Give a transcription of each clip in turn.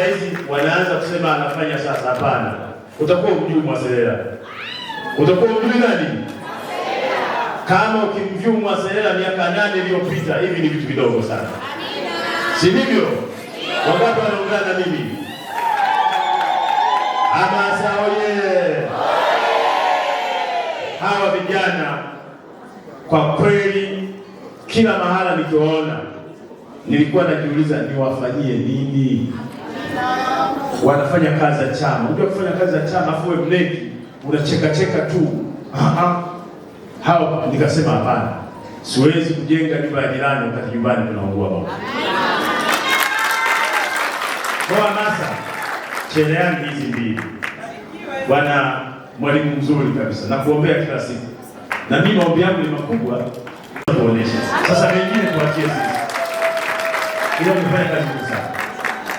sasa hizi wanaanza kusema anafanya sasa. Hapana, utakuwa hujui Mwaselela, utakuwa hujui nani. Kama ukimjua Mwaselela miaka nane iliyopita, hivi ni vitu vidogo sana, si hivyo? Wangapi wanaungana na mimi? Hamasa oye! Hawa vijana kwa kweli, kila mahala nikiwaona nilikuwa najiuliza niwafanyie nini? wanafanya kazi ya chama. Unajua kufanya kazi ya chama afu wewe mleki unacheka cheka tu. Aha. Ah. Hao nikasema hapana. Siwezi kujenga nyumba ya jirani wakati nyumbani tunaungua moto. Kwa nasa cheleani hizi mbili. Bwana mwalimu mzuri kabisa. Nakuombea kila siku. Na mimi maombi yangu ni makubwa. Sasa mengine tuachie sisi. Ile mfanye kazi sana.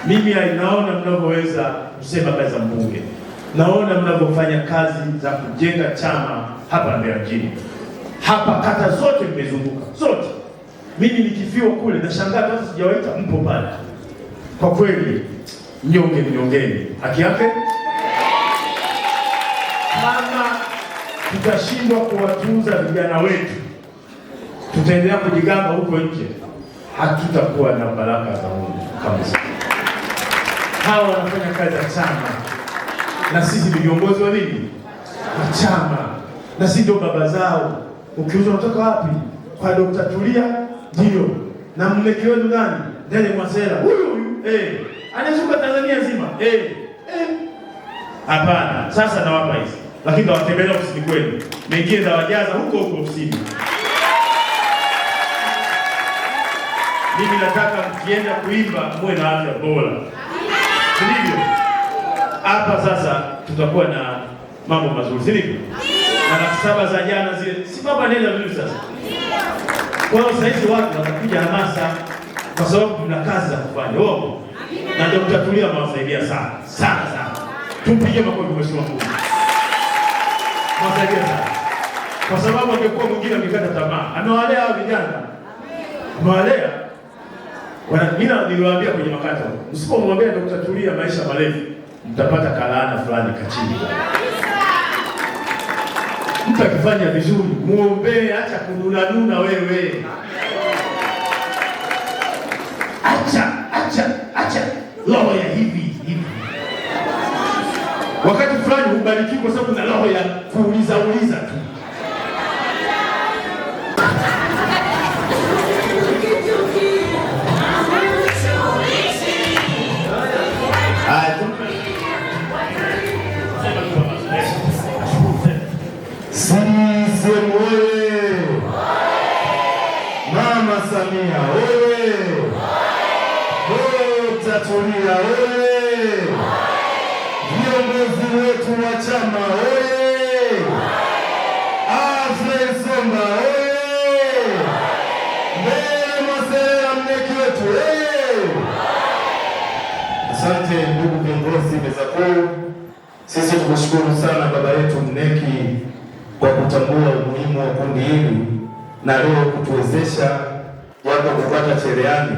Mimi naona mnavyoweza kusema kazi za mbunge, naona mnavyofanya kazi za kujenga chama hapa Mbeya mjini, hapa kata zote mmezunguka zote. Mimi nikifiwa kule nashangaa kazi sijawaita, mpo pale. Kwa kweli, mnyonge mnyongeni akiape yake. Kama tutashindwa kuwatunza vijana wetu, tutaendelea kujigamba huko nje, hatutakuwa na baraka za Mungu kabisa hawa wanafanya kazi ya chama, na sisi ni viongozi wa nini, wa chama, na sisi ndio baba zao. Ukiuza unatoka wapi? Kwa Dokta Tulia ndio, na mmiliki wenu nani? Ndele Mwasela huyu huyu, eh, anashuka Tanzania nzima, eh eh, hapana. Sasa nawapa hizi, lakini nawatembelea ofisini kwenu, mengine tawajaza huko huko ofisini. Mimi nataka mkienda kuimba muwe na afya bora. Sivyo? Hapa sasa tutakuwa na mambo mazuri, sivyo? Na saba za jana zile si baba nenda vizuri sasa. Kwa hiyo sasa hizi watu watakuja hamasa kwa sababu tuna kazi za kufanya. Oh. Na ndio tutatulia mawasaidia sana. Sana sana. Tumpige makofi mheshimiwa mkuu. Mawasaidia sana. Kwa sababu angekuwa mwingine amekata tamaa. Amewalea vijana. Amewalea mina niliwaambia kwenye makata, msipomwambia Dr. Tulia maisha marefu, mtapata kalaana fulani kachini. Mtu akifanya vizuri, muombee, acha kununa nuna wewe. Acha, acha, acha roho ya hivi hivi. Wakati fulani ubarikiwe kwa sababu na roho ya kuuliza wewe, utatulia wewe, viongozi wetu wa chama wewe, Afeisonga wewe, Ndee Mwaselera mneki wetu wewe. Asante ndugu viongozi meza kuu, sisi tukushukuru sana baba yetu mneki kwa kutambua umuhimu wa kundi hili na leo kutuwezesha japo kupata cherehani.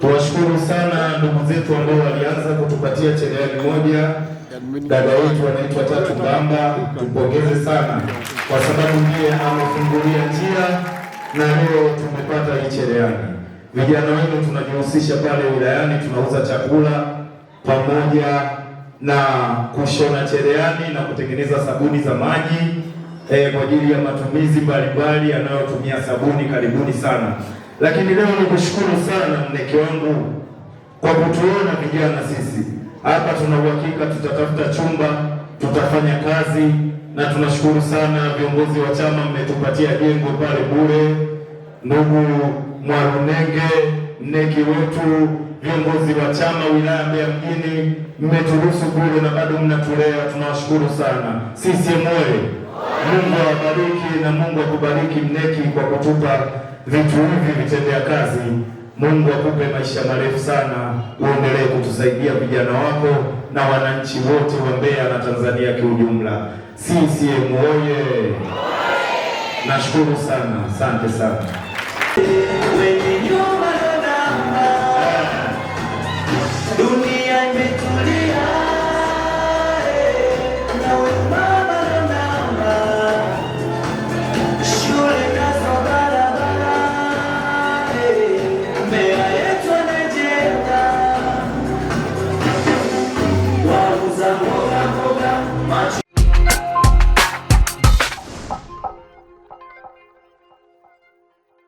Tuwashukuru sana ndugu zetu ambao walianza kutupatia cherehani moja, dada yetu anaitwa Tatu Mbamba, tupongeze sana kwa sababu ndiye amefungulia njia na leo tumepata hii cherehani. Vijana wenu tunajihusisha pale wilayani, tunauza chakula pamoja na kushona cherehani na kutengeneza sabuni za maji eh, kwa ajili ya matumizi mbalimbali yanayotumia sabuni. Karibuni sana. Lakini leo nikushukuru sana mneke wangu kwa kutuona vijana sisi hapa, tuna uhakika tutatafuta chumba, tutafanya kazi, na tunashukuru sana viongozi wa chama, mmetupatia jengo pale bure. Ndugu Mwarunenge, mneki wetu, viongozi wa chama wilaya Mbeya mjini, mmeturuhusu bure na bado mnatulea, tunawashukuru sana. Sisi mwe Mungu awabariki na Mungu akubariki mneki kwa kutupa vitu hivi vitendea kazi. Mungu akupe maisha marefu sana, uendelee kutusaidia vijana wako na wananchi wote wa Mbeya na Tanzania kiujumla. CCM oye! Nashukuru sana, asante sana.